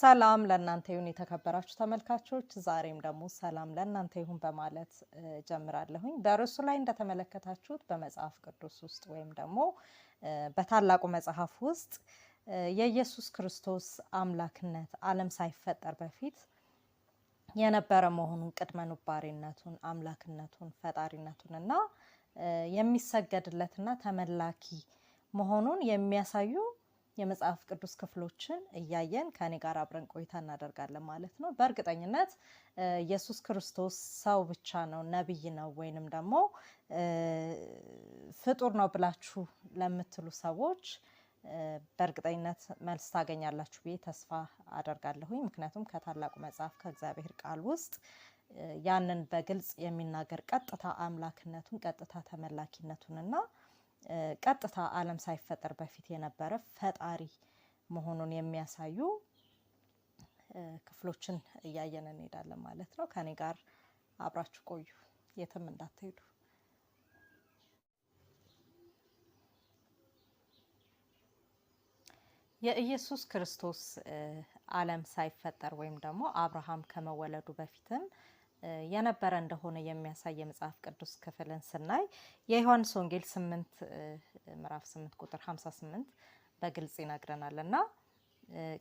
ሰላም ለእናንተ ይሁን የተከበራችሁ ተመልካቾች፣ ዛሬም ደግሞ ሰላም ለእናንተ ይሁን በማለት ጀምራለሁኝ። በርዕሱ ላይ እንደተመለከታችሁት በመጽሐፍ ቅዱስ ውስጥ ወይም ደግሞ በታላቁ መጽሐፍ ውስጥ የኢየሱስ ክርስቶስ አምላክነት ዓለም ሳይፈጠር በፊት የነበረ መሆኑን ቅድመ ኑባሬነቱን፣ አምላክነቱን፣ ፈጣሪነቱን እና የሚሰገድለትና ተመላኪ መሆኑን የሚያሳዩ የመጽሐፍ ቅዱስ ክፍሎችን እያየን ከኔ ጋር አብረን ቆይታ እናደርጋለን ማለት ነው። በእርግጠኝነት ኢየሱስ ክርስቶስ ሰው ብቻ ነው ነቢይ ነው ወይንም ደግሞ ፍጡር ነው ብላችሁ ለምትሉ ሰዎች በእርግጠኝነት መልስ ታገኛላችሁ ብዬ ተስፋ አደርጋለሁኝ። ምክንያቱም ከታላቁ መጽሐፍ ከእግዚአብሔር ቃል ውስጥ ያንን በግልጽ የሚናገር ቀጥታ አምላክነቱን ቀጥታ ተመላኪነቱንና ቀጥታ ዓለም ሳይፈጠር በፊት የነበረ ፈጣሪ መሆኑን የሚያሳዩ ክፍሎችን እያየን እንሄዳለን ማለት ነው። ከኔ ጋር አብራችሁ ቆዩ፣ የትም እንዳትሄዱ። የኢየሱስ ክርስቶስ ዓለም ሳይፈጠር ወይም ደግሞ አብርሃም ከመወለዱ በፊትም የነበረ እንደሆነ የሚያሳይ የመጽሐፍ ቅዱስ ክፍልን ስናይ የዮሐንስ ወንጌል ስምንት ምዕራፍ ስምንት ቁጥር ስምንት በግልጽ ይነግረናል እና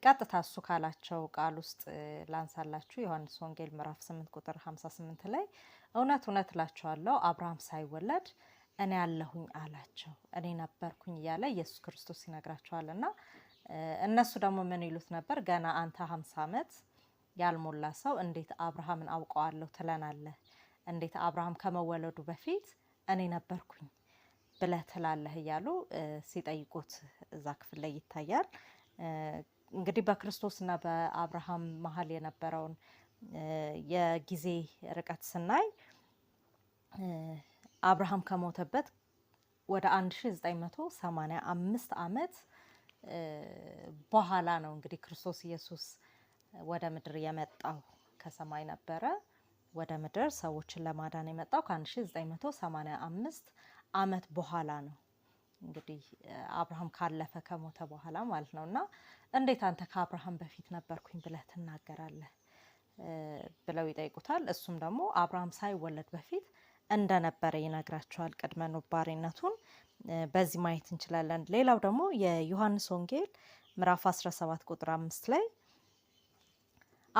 ቀጥታ እሱ ካላቸው ቃል ውስጥ ላንሳላችሁ። ዮሐንስ ወንጌል ምዕራፍ ስምንት ቁጥር 58 ላይ እውነት እውነት እላችኋለሁ አብርሃም ሳይወለድ እኔ ያለሁኝ አላቸው። እኔ ነበርኩኝ እያለ ኢየሱስ ክርስቶስ ይነግራቸዋል እና እነሱ ደግሞ ምን ይሉት ነበር? ገና አንተ ሀምሳ ዓመት ያልሞላ ሰው እንዴት አብርሃምን አውቀዋለሁ ትለናለህ? እንዴት አብርሃም ከመወለዱ በፊት እኔ ነበርኩኝ ብለህ ትላለህ? እያሉ ሲጠይቁት እዛ ክፍል ላይ ይታያል። እንግዲህ በክርስቶስና በአብርሃም መሀል የነበረውን የጊዜ ርቀት ስናይ አብርሃም ከሞተበት ወደ 1985 ዓመት በኋላ ነው እንግዲህ ክርስቶስ ኢየሱስ ወደ ምድር የመጣው ከሰማይ ነበረ ወደ ምድር ሰዎችን ለማዳን የመጣው ከ1985 ዓመት በኋላ ነው። እንግዲህ አብርሃም ካለፈ ከሞተ በኋላ ማለት ነው። እና እንዴት አንተ ከአብርሃም በፊት ነበርኩኝ ብለህ ትናገራለህ ብለው ይጠይቁታል። እሱም ደግሞ አብርሃም ሳይወለድ በፊት እንደነበረ ይነግራቸዋል። ቅድመ ኖባሪነቱን በዚህ ማየት እንችላለን። ሌላው ደግሞ የዮሐንስ ወንጌል ምዕራፍ 17 ቁጥር አምስት ላይ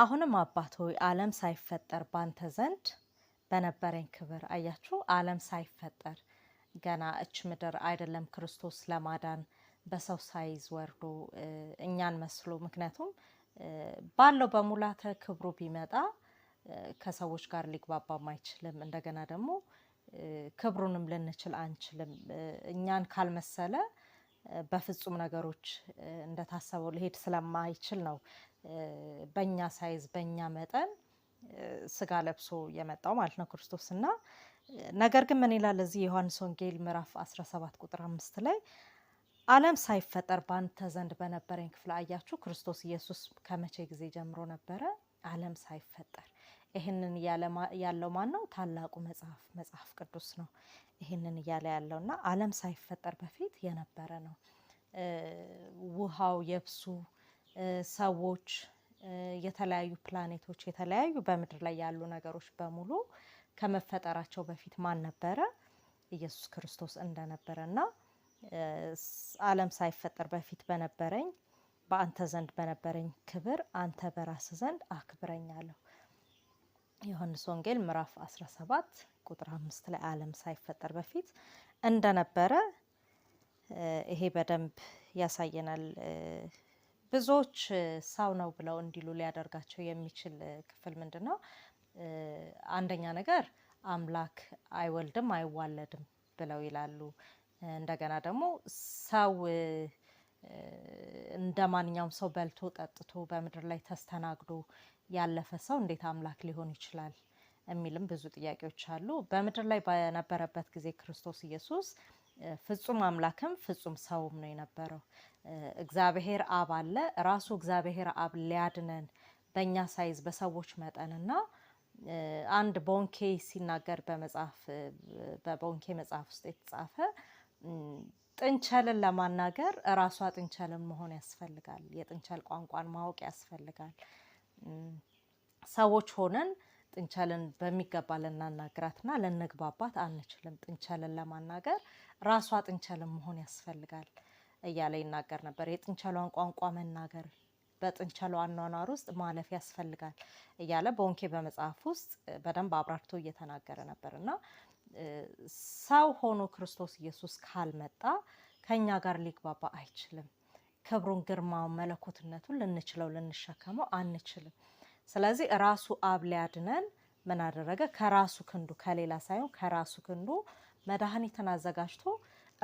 አሁንም አባት ሆይ ዓለም ሳይፈጠር ባንተ ዘንድ በነበረኝ ክብር አያችሁ፣ ዓለም ሳይፈጠር ገና እች ምድር አይደለም ክርስቶስ ለማዳን በሰው ሳይዝ ወርዶ እኛን መስሎ ምክንያቱም ባለው በሙላተ ክብሩ ቢመጣ ከሰዎች ጋር ሊግባባም አይችልም። እንደገና ደግሞ ክብሩንም ልንችል አንችልም። እኛን ካልመሰለ በፍጹም ነገሮች እንደታሰበው ሊሄድ ስለማይችል ነው በእኛ ሳይዝ በእኛ መጠን ስጋ ለብሶ የመጣው ማለት ነው ክርስቶስ እና ነገር ግን ምን ይላል እዚህ ዮሐንስ ወንጌል ምዕራፍ 17 ቁጥር አምስት ላይ ዓለም ሳይፈጠር በአንተ ዘንድ በነበረኝ ክፍል አያችሁ ክርስቶስ ኢየሱስ ከመቼ ጊዜ ጀምሮ ነበረ? ዓለም ሳይፈጠር ይህንን ያለው ማን ነው? ታላቁ መጽሐፍ መጽሐፍ ቅዱስ ነው። ይህንን እያለ ያለው እና ዓለም ሳይፈጠር በፊት የነበረ ነው። ውሃው፣ የብሱ ሰዎች፣ የተለያዩ ፕላኔቶች፣ የተለያዩ በምድር ላይ ያሉ ነገሮች በሙሉ ከመፈጠራቸው በፊት ማን ነበረ? ኢየሱስ ክርስቶስ እንደነበረ እና ዓለም ሳይፈጠር በፊት በነበረኝ በአንተ ዘንድ በነበረኝ ክብር አንተ በራስ ዘንድ አክብረኛለሁ። ዮሐንስ ወንጌል ምዕራፍ 17 ቁጥር 5 ላይ ዓለም ሳይፈጠር በፊት እንደነበረ ይሄ በደንብ ያሳየናል። ብዙዎች ሰው ነው ብለው እንዲሉ ሊያደርጋቸው የሚችል ክፍል ምንድን ነው? አንደኛ ነገር አምላክ አይወልድም አይዋለድም ብለው ይላሉ። እንደገና ደግሞ ሰው እንደ ማንኛውም ሰው በልቶ ጠጥቶ በምድር ላይ ተስተናግዶ ያለፈ ሰው እንዴት አምላክ ሊሆን ይችላል የሚልም ብዙ ጥያቄዎች አሉ። በምድር ላይ በነበረበት ጊዜ ክርስቶስ ኢየሱስ ፍጹም አምላክም ፍጹም ሰውም ነው የነበረው። እግዚአብሔር አብ አለ። ራሱ እግዚአብሔር አብ ሊያድነን በእኛ ሳይዝ በሰዎች መጠንና አንድ ቦንኬ ሲናገር በመጽሐፍ በቦንኬ መጽሐፍ ውስጥ የተጻፈ ጥንቸልን ለማናገር እራሷ ጥንቸልን መሆን ያስፈልጋል። የጥንቸል ቋንቋን ማወቅ ያስፈልጋል። ሰዎች ሆነን ጥንቸልን በሚገባ ልናናግራት እና ልንግባባት አንችልም። ጥንቸልን ለማናገር ራሷ ጥንቸልን መሆን ያስፈልጋል። እያለ ይናገር ነበር። የጥንቸሏን ቋንቋ መናገር በጥንቸሏ አኗኗር ውስጥ ማለፍ ያስፈልጋል እያለ በወንኬ በመጽሐፍ ውስጥ በደንብ አብራርቶ እየተናገረ ነበር እና ሰው ሆኖ ክርስቶስ ኢየሱስ ካልመጣ ከእኛ ጋር ሊግባባ አይችልም። ክብሩን፣ ግርማውን፣ መለኮትነቱን ልንችለው ልንሸከመው አንችልም። ስለዚህ ራሱ አብ ሊያድነን ምን አደረገ? ከራሱ ክንዱ ከሌላ ሳይሆን ከራሱ ክንዱ መድኃኒትን አዘጋጅቶ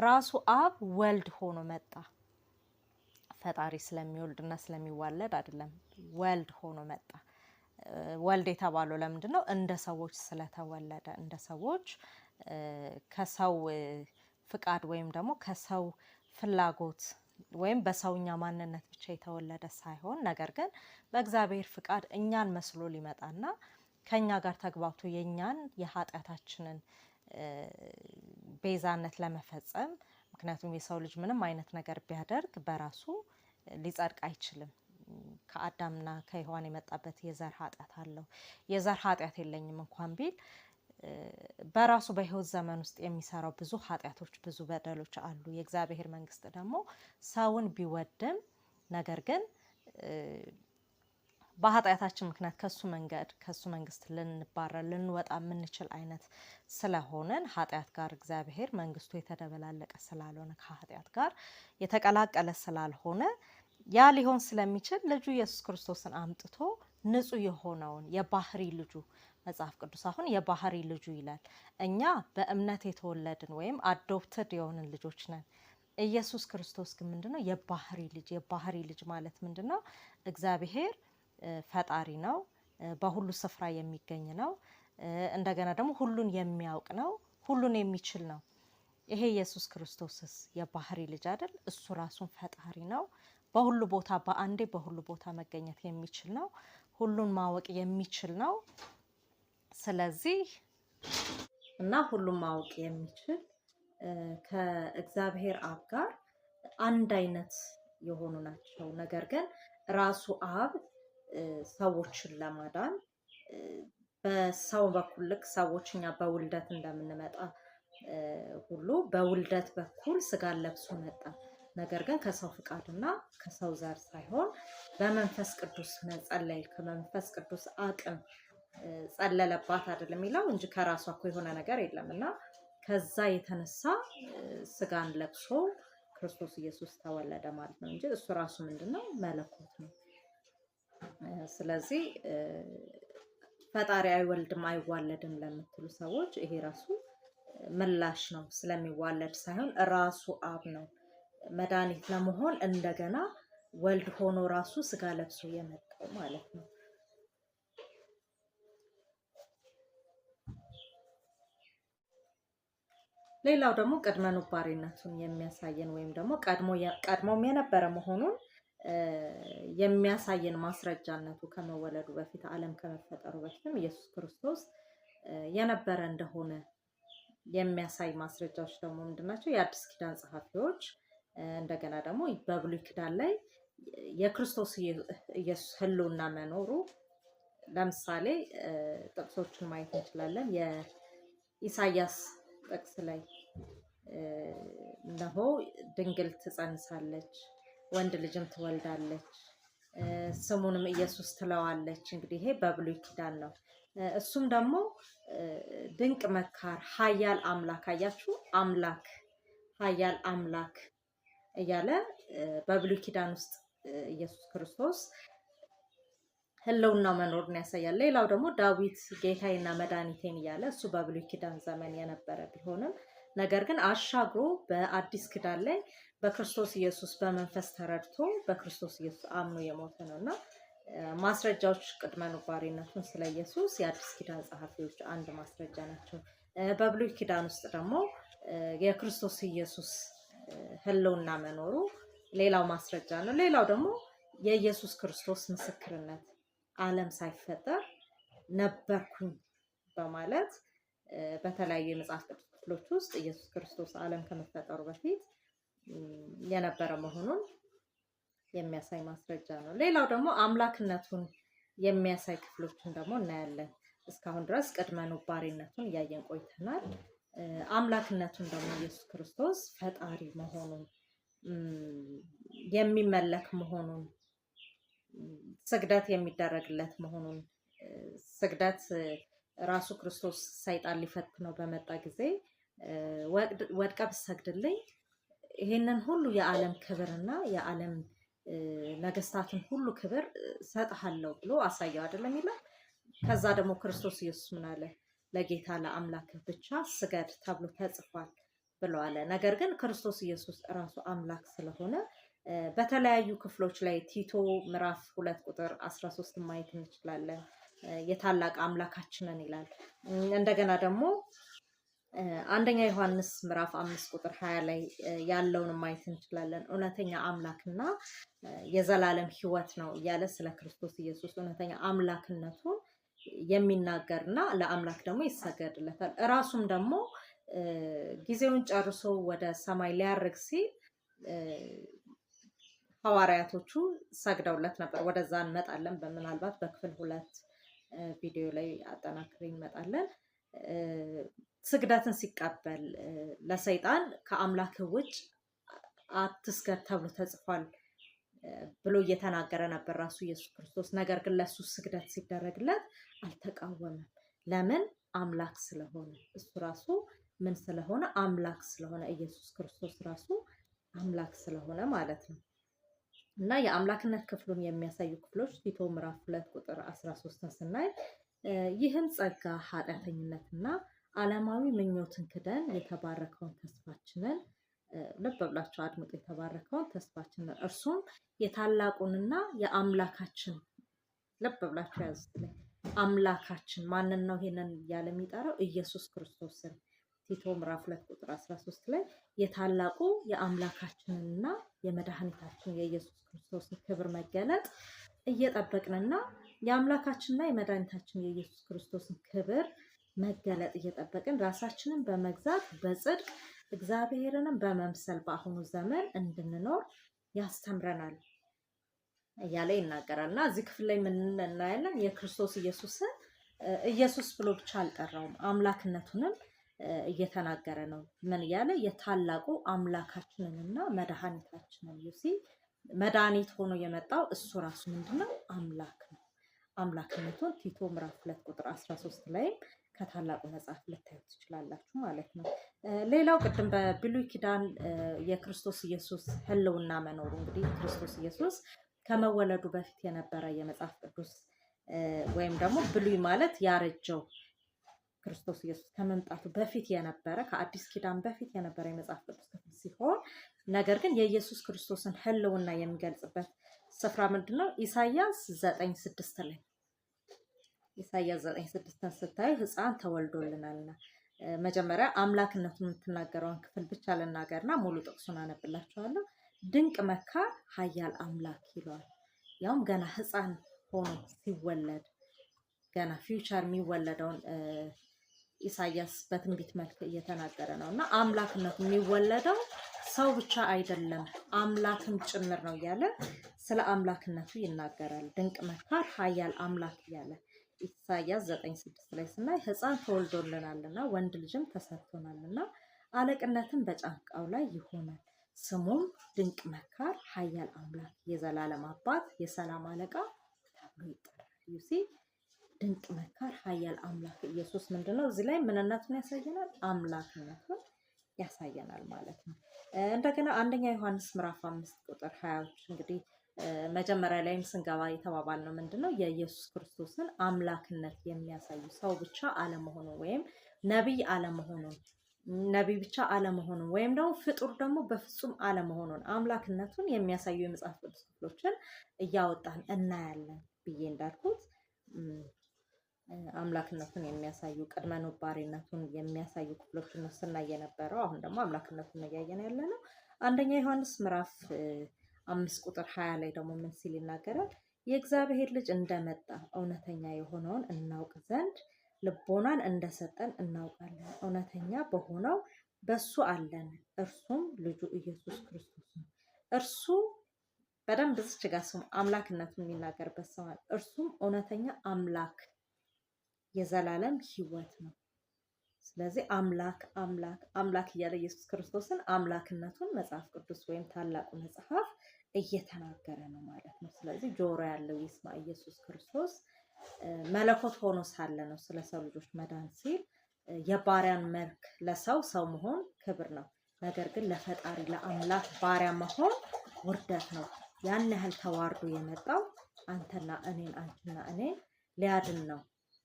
ራሱ አብ ወልድ ሆኖ መጣ። ፈጣሪ ስለሚወልድና ስለሚዋለድ አይደለም፣ ወልድ ሆኖ መጣ። ወልድ የተባለው ለምንድን ነው? እንደ ሰዎች ስለተወለደ፣ እንደ ሰዎች ከሰው ፍቃድ ወይም ደግሞ ከሰው ፍላጎት ወይም በሰውኛ ማንነት ብቻ የተወለደ ሳይሆን ነገር ግን በእግዚአብሔር ፍቃድ እኛን መስሎ ሊመጣና ከኛ ጋር ተግባብቶ የእኛን የኃጢአታችንን ቤዛነት ለመፈጸም ምክንያቱም የሰው ልጅ ምንም አይነት ነገር ቢያደርግ በራሱ ሊጸድቅ አይችልም። ከአዳምና ከሔዋን የመጣበት የዘር ኃጢአት አለው። የዘር ኃጢአት የለኝም እንኳን ቢል በራሱ በህይወት ዘመን ውስጥ የሚሰራው ብዙ ኃጢአቶች፣ ብዙ በደሎች አሉ። የእግዚአብሔር መንግስት ደግሞ ሰውን ቢወድም ነገር ግን በኃጢአታችን ምክንያት ከሱ መንገድ ከሱ መንግስት ልንባረር ልንወጣ የምንችል አይነት ስለሆነን ኃጢአት ጋር እግዚአብሔር መንግስቱ የተደበላለቀ ስላልሆነ ከኃጢአት ጋር የተቀላቀለ ስላልሆነ ያ ሊሆን ስለሚችል ልጁ ኢየሱስ ክርስቶስን አምጥቶ ንጹህ የሆነውን የባህሪ ልጁ መጽሐፍ ቅዱስ አሁን የባህሪ ልጁ ይላል። እኛ በእምነት የተወለድን ወይም አዶፕትድ የሆንን ልጆች ነን። ኢየሱስ ክርስቶስ ግን ምንድነው የባህሪ ልጅ? የባህሪ ልጅ ማለት ምንድነው? እግዚአብሔር ፈጣሪ ነው። በሁሉ ስፍራ የሚገኝ ነው። እንደገና ደግሞ ሁሉን የሚያውቅ ነው። ሁሉን የሚችል ነው። ይሄ ኢየሱስ ክርስቶስስ የባህሪ ልጅ አይደል? እሱ ራሱን ፈጣሪ ነው። በሁሉ ቦታ በአንዴ በሁሉ ቦታ መገኘት የሚችል ነው። ሁሉን ማወቅ የሚችል ነው። ስለዚህ እና ሁሉን ማወቅ የሚችል ከእግዚአብሔር አብ ጋር አንድ አይነት የሆኑ ናቸው። ነገር ግን ራሱ አብ ሰዎችን ለማዳን በሰው በኩል ልክ ሰዎች እኛ በውልደት እንደምንመጣ ሁሉ በውልደት በኩል ስጋን ለብሶ መጣ። ነገር ግን ከሰው ፍቃድና ከሰው ዘር ሳይሆን በመንፈስ ቅዱስ መጸለይ ከመንፈስ ቅዱስ አቅም ጸለለባት አይደል የሚለው እንጂ ከራሷ እኮ የሆነ ነገር የለም እና ከዛ የተነሳ ስጋን ለብሶ ክርስቶስ ኢየሱስ ተወለደ ማለት ነው እንጂ እሱ ራሱ ምንድን ነው? መለኮት ነው። ስለዚህ ፈጣሪ አይወልድም አይዋለድም ለምትሉ ሰዎች ይሄ ራሱ ምላሽ ነው። ስለሚዋለድ ሳይሆን ራሱ አብ ነው መድኃኒት ለመሆን እንደገና ወልድ ሆኖ ራሱ ስጋ ለብሶ የመጣው ማለት ነው። ሌላው ደግሞ ቅድመ ኑባሬነቱን የሚያሳየን ወይም ደግሞ ቀድሞም የነበረ መሆኑን የሚያሳየን ማስረጃነቱ ከመወለዱ በፊት ዓለም ከመፈጠሩ በፊትም ኢየሱስ ክርስቶስ የነበረ እንደሆነ የሚያሳይ ማስረጃዎች ደግሞ ምንድን ናቸው? የአዲስ ኪዳን ጸሐፊዎች እንደገና ደግሞ በብሉይ ኪዳን ላይ የክርስቶስ ኢየሱስ ሕልውና መኖሩ ለምሳሌ ጥቅሶችን ማየት እንችላለን። የኢሳያስ ጥቅስ ላይ እነሆ ድንግል ትጸንሳለች ወንድ ልጅም ትወልዳለች፣ ስሙንም ኢየሱስ ትለዋለች። እንግዲህ ይሄ በብሉይ ኪዳን ነው። እሱም ደግሞ ድንቅ መካር፣ ኃያል አምላክ አያችሁ፣ አምላክ ኃያል አምላክ እያለ በብሉይ ኪዳን ውስጥ ኢየሱስ ክርስቶስ ህልውና መኖርን ያሳያል። ሌላው ደግሞ ዳዊት ጌታዬና መድኃኒቴን እያለ እሱ በብሉይ ኪዳን ዘመን የነበረ ቢሆንም ነገር ግን አሻግሮ በአዲስ ክዳን ላይ በክርስቶስ ኢየሱስ በመንፈስ ተረድቶ በክርስቶስ ኢየሱስ አምኖ የሞተ ነው እና ማስረጃዎች ቅድመ ነባሪነቱን ስለ ኢየሱስ የአዲስ ኪዳን ጸሐፊዎች አንድ ማስረጃ ናቸው። በብሉይ ኪዳን ውስጥ ደግሞ የክርስቶስ ኢየሱስ ህልውና መኖሩ ሌላው ማስረጃ ነው። ሌላው ደግሞ የኢየሱስ ክርስቶስ ምስክርነት ዓለም ሳይፈጠር ነበርኩኝ በማለት በተለያዩ የመጽሐፍ ቅዱስ ክፍሎች ውስጥ ኢየሱስ ክርስቶስ ዓለም ከመፈጠሩ በፊት የነበረ መሆኑን የሚያሳይ ማስረጃ ነው። ሌላው ደግሞ አምላክነቱን የሚያሳይ ክፍሎችን ደግሞ እናያለን። እስካሁን ድረስ ቅድመ ኑባሬነቱን እያየን ቆይተናል። አምላክነቱን ደግሞ ኢየሱስ ክርስቶስ ፈጣሪ መሆኑን የሚመለክ መሆኑን ስግደት የሚደረግለት መሆኑን ስግደት ራሱ ክርስቶስ ሰይጣን ሊፈትነው በመጣ ጊዜ ወድቃ ብሰግድልኝ ይሄንን ሁሉ የዓለም ክብርና የዓለም ነገስታትን ሁሉ ክብር ሰጥሃለሁ ብሎ አሳየው አይደለም ይላል። ከዛ ደግሞ ክርስቶስ ኢየሱስ ምን አለ? ለጌታ ለአምላክህ ብቻ ስገድ ተብሎ ተጽፏል ብሎ አለ። ነገር ግን ክርስቶስ ኢየሱስ እራሱ አምላክ ስለሆነ በተለያዩ ክፍሎች ላይ ቲቶ ምዕራፍ ሁለት ቁጥር አስራ ሶስት ማየት እንችላለን። የታላቅ አምላካችንን ይላል። እንደገና ደግሞ አንደኛ ዮሐንስ ምዕራፍ አምስት ቁጥር ሀያ ላይ ያለውን ማየት እንችላለን። እውነተኛ አምላክና የዘላለም ሕይወት ነው እያለ ስለ ክርስቶስ ኢየሱስ እውነተኛ አምላክነቱን ና ለአምላክ ደግሞ ይሰገድለታል። እራሱም ደግሞ ጊዜውን ጨርሶ ወደ ሰማይ ሊያርግ ሲል ሐዋርያቶቹ ሰግደውለት ነበር። ወደዛ እንመጣለን። በምናልባት በክፍል ሁለት ቪዲዮ ላይ አጠናክሬ እንመጣለን። ስግደትን ሲቀበል ለሰይጣን ከአምላክ ውጭ አትስገድ ተብሎ ተጽፏል ብሎ እየተናገረ ነበር ራሱ ኢየሱስ ክርስቶስ። ነገር ግን ለእሱ ስግደት ሲደረግለት አልተቃወመም። ለምን? አምላክ ስለሆነ እሱ ራሱ ምን ስለሆነ? አምላክ ስለሆነ ኢየሱስ ክርስቶስ ራሱ አምላክ ስለሆነ ማለት ነው። እና የአምላክነት ክፍሉን የሚያሳዩ ክፍሎች ቲቶ ምዕራፍ ሁለት ቁጥር አስራ ሶስትን ስናይ ይህም ጸጋ ኃጢአተኝነትና ዓለማዊ ምኞትን ክደን የተባረከውን ተስፋችንን ልብ ብላችሁ አድምጡ። የተባረከውን ተስፋችንን እርሱም የታላቁንና የአምላካችን ልብ ብላችሁ ያዙት። አምላካችን ማንን ነው? ይሄንን እያለ የሚጠራው ኢየሱስ ክርስቶስን ቲቶ ምዕራፍ ሁለት ቁጥር አስራ ሶስት ላይ የታላቁ የአምላካችንንና የመድኃኒታችን የኢየሱስ ክርስቶስን ክብር መገለጥ እየጠበቅንና የአምላካችንና የመድኃኒታችን የኢየሱስ ክርስቶስን ክብር መገለጥ እየጠበቅን ራሳችንን በመግዛት በጽድቅ እግዚአብሔርንም በመምሰል በአሁኑ ዘመን እንድንኖር ያስተምረናል እያለ ይናገራል እና እዚህ ክፍል ላይ ምን እናያለን? የክርስቶስ ኢየሱስን ኢየሱስ ብሎ ብቻ አልጠራውም፣ አምላክነቱንም እየተናገረ ነው። ምን እያለ የታላቁ አምላካችንንና መድኃኒታችንን ዩሲ መድኃኒት ሆኖ የመጣው እሱ ራሱ ምንድነው? አምላክ ነው። አምላክነቱን ቲቶ ምዕራፍ ሁለት ቁጥር አስራ ሶስት ላይም ከታላቁ መጽሐፍ ልታዩት ትችላላችሁ ማለት ነው። ሌላው ቅድም በብሉይ ኪዳን የክርስቶስ ኢየሱስ ህልውና መኖሩ እንግዲህ ክርስቶስ ኢየሱስ ከመወለዱ በፊት የነበረ የመጽሐፍ ቅዱስ ወይም ደግሞ ብሉይ ማለት ያረጀው ክርስቶስ ኢየሱስ ከመምጣቱ በፊት የነበረ ከአዲስ ኪዳን በፊት የነበረ የመጽሐፍ ቅዱስ ክፍል ሲሆን ነገር ግን የኢየሱስ ክርስቶስን ህልውና የሚገልጽበት ስፍራ ምንድን ነው? ኢሳያስ ዘጠኝ ስድስት ላይ ኢሳያስ 9፥6ን ስታዩ ሕፃን ተወልዶልናልና መጀመሪያ አምላክነቱ የምትናገረውን ክፍል ብቻ ልናገርና ሙሉ ጥቅሱን አነብላችኋለሁ። ድንቅ መካር ኃያል አምላክ ይለዋል። ያውም ገና ህፃን ሆኖ ሲወለድ ገና ፊውቸር የሚወለደውን ኢሳያስ በትንቢት መልክ እየተናገረ ነው እና አምላክነቱ የሚወለደው ሰው ብቻ አይደለም አምላክም ጭምር ነው እያለ ስለ አምላክነቱ ይናገራል። ድንቅ መካር ኃያል አምላክ እያለ ኢሳያስ ዘጠኝ ስድስት ላይ ስናይ ህፃን ተወልዶልናልና ወንድ ልጅም ተሰጥቶናልና አለቅነትም በጫንቃው ላይ ይሆናል፣ ስሙም ድንቅ መካር፣ ኃያል አምላክ፣ የዘላለም አባት፣ የሰላም አለቃ ተብሎ ይጠራል። ዩሲ ድንቅ መካር፣ ኃያል አምላክ ኢየሱስ ምንድን ነው እዚህ ላይ ምንነቱን ያሳየናል፣ አምላክነቱን ያሳየናል ማለት ነው። እንደገና አንደኛ ዮሐንስ ምዕራፍ አምስት ቁጥር ሀያዎች እንግዲህ መጀመሪያ ላይም ስንገባ የተባባል ነው ምንድን ነው የኢየሱስ ክርስቶስን አምላክነት የሚያሳዩ ሰው ብቻ አለመሆኑ ወይም ነቢይ አለመሆኑን ነቢይ ብቻ አለመሆኑን ወይም ደግሞ ፍጡር ደግሞ በፍጹም አለመሆኑን አምላክነቱን የሚያሳዩ የመጽሐፍ ቅዱስ ክፍሎችን እያወጣን እናያለን ብዬ እንዳልኩት አምላክነቱን የሚያሳዩ ቅድመ ኖባሪነቱን የሚያሳዩ ክፍሎችን ስናየ ነበረው። አሁን ደግሞ አምላክነቱን እያየን ያለ ነው። አንደኛ ዮሐንስ ምዕራፍ አምስት ቁጥር ሀያ ላይ ደግሞ ምን ሲል ይናገራል? የእግዚአብሔር ልጅ እንደመጣ እውነተኛ የሆነውን እናውቅ ዘንድ ልቦናን እንደሰጠን እናውቃለን። እውነተኛ በሆነው በሱ አለን፣ እርሱም ልጁ ኢየሱስ ክርስቶስ ነው። እርሱ በደንብ ዝች ጋር ስሙ፣ አምላክነቱን የሚናገርበት ስም አለ። እርሱም እውነተኛ አምላክ የዘላለም ህይወት ነው። ስለዚህ አምላክ አምላክ አምላክ እያለ ኢየሱስ ክርስቶስን አምላክነቱን መጽሐፍ ቅዱስ ወይም ታላቁ መጽሐፍ እየተናገረ ነው ማለት ነው። ስለዚህ ጆሮ ያለው ይስማ። ኢየሱስ ክርስቶስ መለኮት ሆኖ ሳለ ነው ስለ ሰው ልጆች መዳን ሲል የባሪያን መልክ ለሰው ሰው መሆን ክብር ነው። ነገር ግን ለፈጣሪ ለአምላክ ባሪያ መሆን ውርደት ነው። ያን ያህል ተዋርዶ የመጣው አንተና እኔን አንተና እኔን ሊያድን ነው።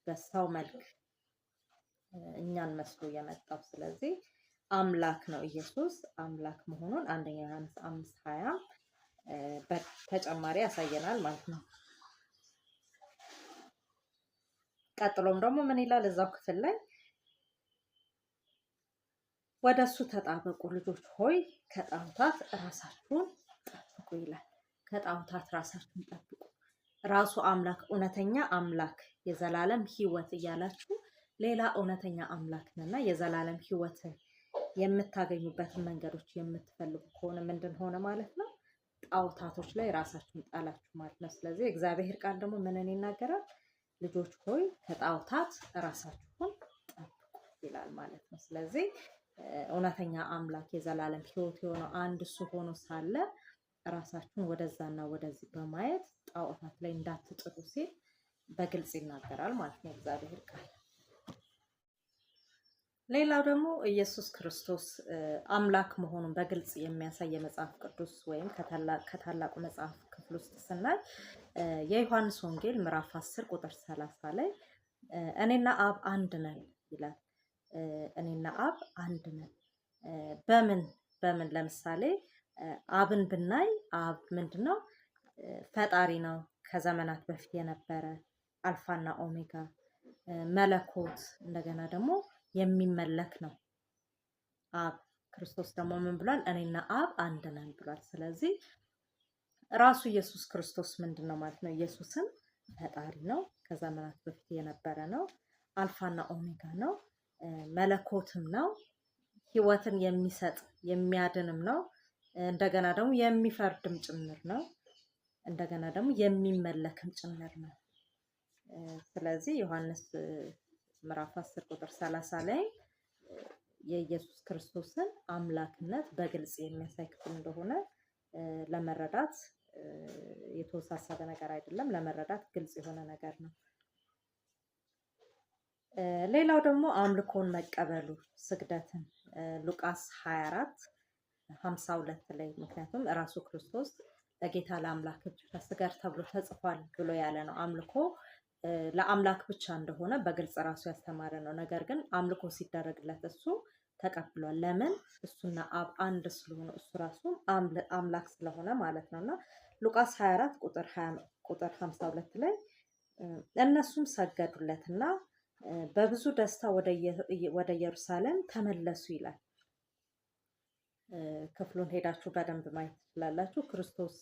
በሰው መልክ እኛን መስሎ የመጣው ስለዚህ አምላክ ነው። ኢየሱስ አምላክ መሆኑን አንደኛ ዮሐንስ አምስት ሀያ ተጨማሪ ያሳየናል ማለት ነው። ቀጥሎም ደግሞ ምን ይላል እዛው ክፍል ላይ ወደ እሱ ተጣበቁ ልጆች ሆይ ከጣውታት ራሳችሁን ጠብቁ ይላል። ከጣውታት ራሳችሁን ጠብቁ። ራሱ አምላክ እውነተኛ አምላክ የዘላለም ሕይወት እያላችሁ ሌላ እውነተኛ ነና የዘላለም ሕይወትን የምታገኙበትን መንገዶች የምትፈልጉ ከሆነ ምንድን ሆነ ማለት ነው ጣዖታቶች ላይ ራሳችሁን ጣላችሁ ማለት ነው። ስለዚህ እግዚአብሔር ቃል ደግሞ ምንን ይናገራል? ልጆች ሆይ ከጣዖታት ራሳችሁን ጠብቁ ይላል ማለት ነው። ስለዚህ እውነተኛ አምላክ የዘላለም ሕይወት የሆነው አንድ እሱ ሆኖ ሳለ ራሳችሁን ወደዛና ወደዚህ በማየት ጣዖታት ላይ እንዳትጥሩ ሲል በግልጽ ይናገራል ማለት ነው እግዚአብሔር ቃል። ሌላው ደግሞ ኢየሱስ ክርስቶስ አምላክ መሆኑን በግልጽ የሚያሳይ የመጽሐፍ ቅዱስ ወይም ከታላቁ መጽሐፍ ክፍል ውስጥ ስናይ የዮሐንስ ወንጌል ምዕራፍ 10 ቁጥር 30 ላይ እኔና አብ አንድ ነን ይላል። እኔና አብ አንድ ነን። በምን በምን? ለምሳሌ አብን ብናይ አብ ምንድነው? ፈጣሪ ነው። ከዘመናት በፊት የነበረ አልፋና ኦሜጋ መለኮት እንደገና ደግሞ የሚመለክ ነው። አብ ክርስቶስ ደግሞ ምን ብሏል? እኔና አብ አንድ ነን ብሏል። ስለዚህ ራሱ ኢየሱስ ክርስቶስ ምንድን ነው ማለት ነው? ኢየሱስም ፈጣሪ ነው። ከዘመናት በፊት የነበረ ነው። አልፋና ኦሜጋ ነው። መለኮትም ነው። ህይወትን የሚሰጥ የሚያድንም ነው። እንደገና ደግሞ የሚፈርድም ጭምር ነው። እንደገና ደግሞ የሚመለክም ጭምር ነው። ስለዚህ ዮሐንስ ምዕራፍ 10 ቁጥር 30 ላይ የኢየሱስ ክርስቶስን አምላክነት በግልጽ የሚያሳይ ክፍል እንደሆነ ለመረዳት የተወሳሰበ ነገር አይደለም፣ ለመረዳት ግልጽ የሆነ ነገር ነው። ሌላው ደግሞ አምልኮን መቀበሉ ስግደትን ሉቃስ 24 52 ላይ ምክንያቱም እራሱ ክርስቶስ ለጌታ ለአምላክ ብቻ ተብሎ ተጽፏል ብሎ ያለ ነው። አምልኮ ለአምላክ ብቻ እንደሆነ በግልጽ ራሱ ያስተማረ ነው። ነገር ግን አምልኮ ሲደረግለት እሱ ተቀብሏል። ለምን? እሱና አብ አንድ ስለሆነ እሱ ራሱ አምላክ ስለሆነ ማለት ነው። እና ሉቃስ 24 ቁጥር 52 ላይ እነሱም ሰገዱለት እና በብዙ ደስታ ወደ ኢየሩሳሌም ተመለሱ ይላል። ክፍሉን ሄዳችሁ በደንብ ማየት ትችላላችሁ። ክርስቶስ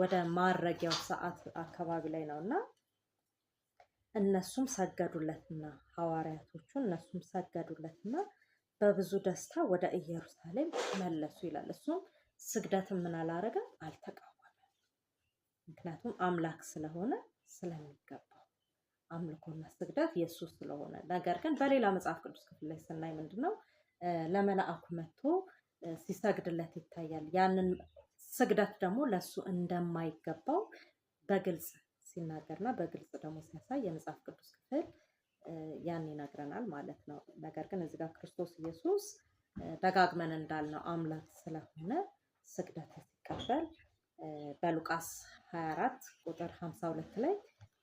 ወደ ማረጊያው ሰዓት አካባቢ ላይ ነው እና እነሱም ሰገዱለትና ሐዋርያቶቹ እነሱም ሰገዱለትና በብዙ ደስታ ወደ ኢየሩሳሌም መለሱ ይላል። እሱም ስግደትን ምን አላረገ አልተቃወመም። ምክንያቱም አምላክ ስለሆነ ስለሚገባው አምልኮና ስግደት የእሱ ስለሆነ። ነገር ግን በሌላ መጽሐፍ ቅዱስ ክፍል ላይ ስናይ ምንድነው ለመላአኩ መጥቶ ሲሰግድለት ይታያል። ያንን ስግደት ደግሞ ለእሱ እንደማይገባው በግልጽ ሲናገርና በግልጽ ደግሞ ሲያሳይ የመጽሐፍ ቅዱስ ክፍል ያን ይነግረናል ማለት ነው። ነገር ግን እዚህ ጋር ክርስቶስ ኢየሱስ ደጋግመን እንዳልነው አምላክ ስለሆነ ስግደት ሲቀበል በሉቃስ 24 ቁጥር 52 ላይ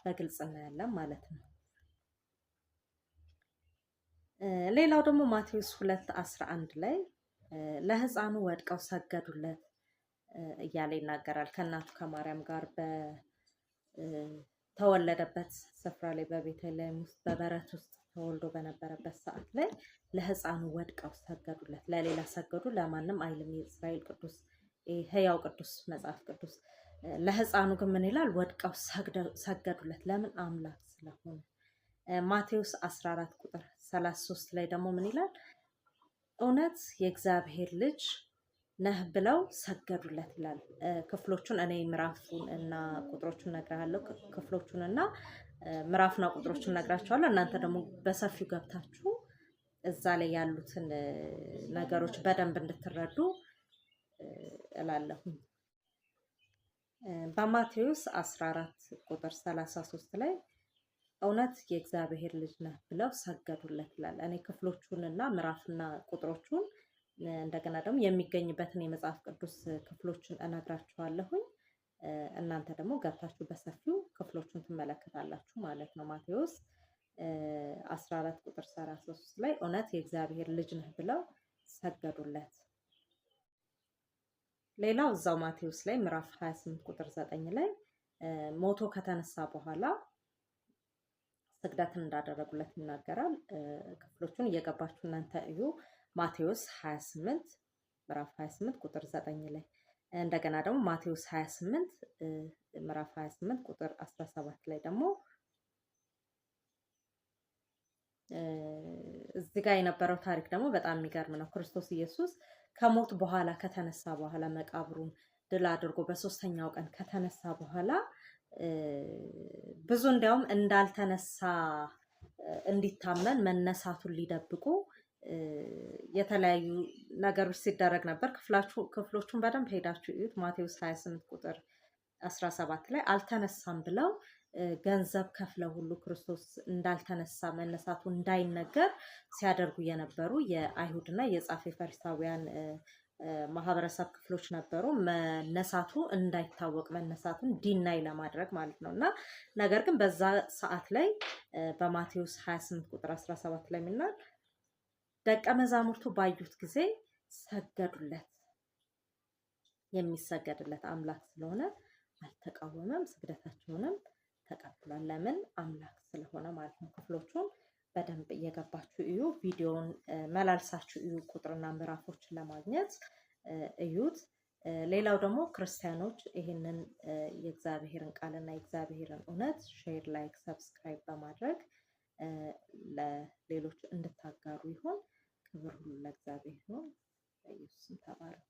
በግልጽ እናያለን ማለት ነው። ሌላው ደግሞ ማቴዎስ 2 11 ላይ ለሕፃኑ ወድቀው ሰገዱለት እያለ ይናገራል። ከእናቱ ከማርያም ጋር ተወለደበት ስፍራ ላይ በቤተልሔም ውስጥ በበረት ውስጥ ተወልዶ በነበረበት ሰዓት ላይ ለህፃኑ ወድቀው ሰገዱለት። ለሌላ ሰገዱ፣ ለማንም አይልም። የእስራኤል ቅዱስ ህያው ቅዱስ መጽሐፍ ቅዱስ ለህፃኑ ግን ምን ይላል? ወድቀው ሰገዱለት። ለምን? አምላክ ስለሆነ። ማቴዎስ 14 ቁጥር 33 ላይ ደግሞ ምን ይላል? እውነት የእግዚአብሔር ልጅ ነህ ብለው ሰገዱለት ይላል። ክፍሎቹን እኔ ምዕራፉን እና ቁጥሮቹን እነግርሃለሁ። ክፍሎቹን እና ምዕራፍና ቁጥሮቹን እነግራቸዋለሁ። እናንተ ደግሞ በሰፊው ገብታችሁ እዛ ላይ ያሉትን ነገሮች በደንብ እንድትረዱ እላለሁ። በማቴዎስ 14 ቁጥር 33 ላይ እውነት የእግዚአብሔር ልጅ ነህ ብለው ሰገዱለት ይላል። እኔ ክፍሎቹንና ምዕራፍና ቁጥሮቹን እንደገና ደግሞ የሚገኝበትን የመጽሐፍ ቅዱስ ክፍሎችን እነግራችኋለሁኝ። እናንተ ደግሞ ገብታችሁ በሰፊው ክፍሎቹን ትመለከታላችሁ ማለት ነው። ማቴዎስ 14 ቁጥር 33 ላይ እውነት የእግዚአብሔር ልጅ ነህ ብለው ሰገዱለት። ሌላው እዛው ማቴዎስ ላይ ምዕራፍ 28 ቁጥር 9 ላይ ሞቶ ከተነሳ በኋላ ስግደትን እንዳደረጉለት ይናገራል። ክፍሎቹን እየገባችሁ እናንተ እዩ። ማቴዎስ 28 ምዕራፍ 28 ቁጥር 9 ላይ እንደገና ደግሞ ማቴዎስ 28 ምዕራፍ 28 ቁጥር 17 ላይ ደግሞ እዚህ ጋር የነበረው ታሪክ ደግሞ በጣም የሚገርም ነው። ክርስቶስ ኢየሱስ ከሞት በኋላ ከተነሳ በኋላ መቃብሩን ድል አድርጎ በሶስተኛው ቀን ከተነሳ በኋላ ብዙ እንዲያውም እንዳልተነሳ እንዲታመን መነሳቱን ሊደብቁ የተለያዩ ነገሮች ሲደረግ ነበር። ክፍሎቹን በደንብ ሄዳችሁ እዩት። ማቴዎስ 28 ቁጥር 17 ላይ አልተነሳም ብለው ገንዘብ ከፍለው ሁሉ ክርስቶስ እንዳልተነሳ መነሳቱ እንዳይነገር ሲያደርጉ የነበሩ የአይሁድና የጻፌ ፈሪሳውያን ማህበረሰብ ክፍሎች ነበሩ። መነሳቱ እንዳይታወቅ መነሳቱን ዲናይ ለማድረግ ማለት ነው እና ነገር ግን በዛ ሰዓት ላይ በማቴዎስ 28 ቁጥር 17 ላይ የሚናል ደቀ መዛሙርቱ ባዩት ጊዜ ሰገዱለት። የሚሰገድለት አምላክ ስለሆነ አልተቃወመም፣ ስግደታቸውንም ተቀብሏል። ለምን አምላክ ስለሆነ ማለት ነው። ክፍሎቹን በደንብ እየገባችሁ እዩ። ቪዲዮውን መላልሳችሁ እዩ። ቁጥርና ምዕራፎችን ለማግኘት እዩት። ሌላው ደግሞ ክርስቲያኖች ይህንን የእግዚአብሔርን ቃልና የእግዚአብሔርን እውነት ሼር፣ ላይክ፣ ሰብስክራይብ በማድረግ ለሌሎች እንድታጋሩ ይሆን። ክብር ሁሉ ለእግዚአብሔር ነው። በኢየሱስም ተባረኩ።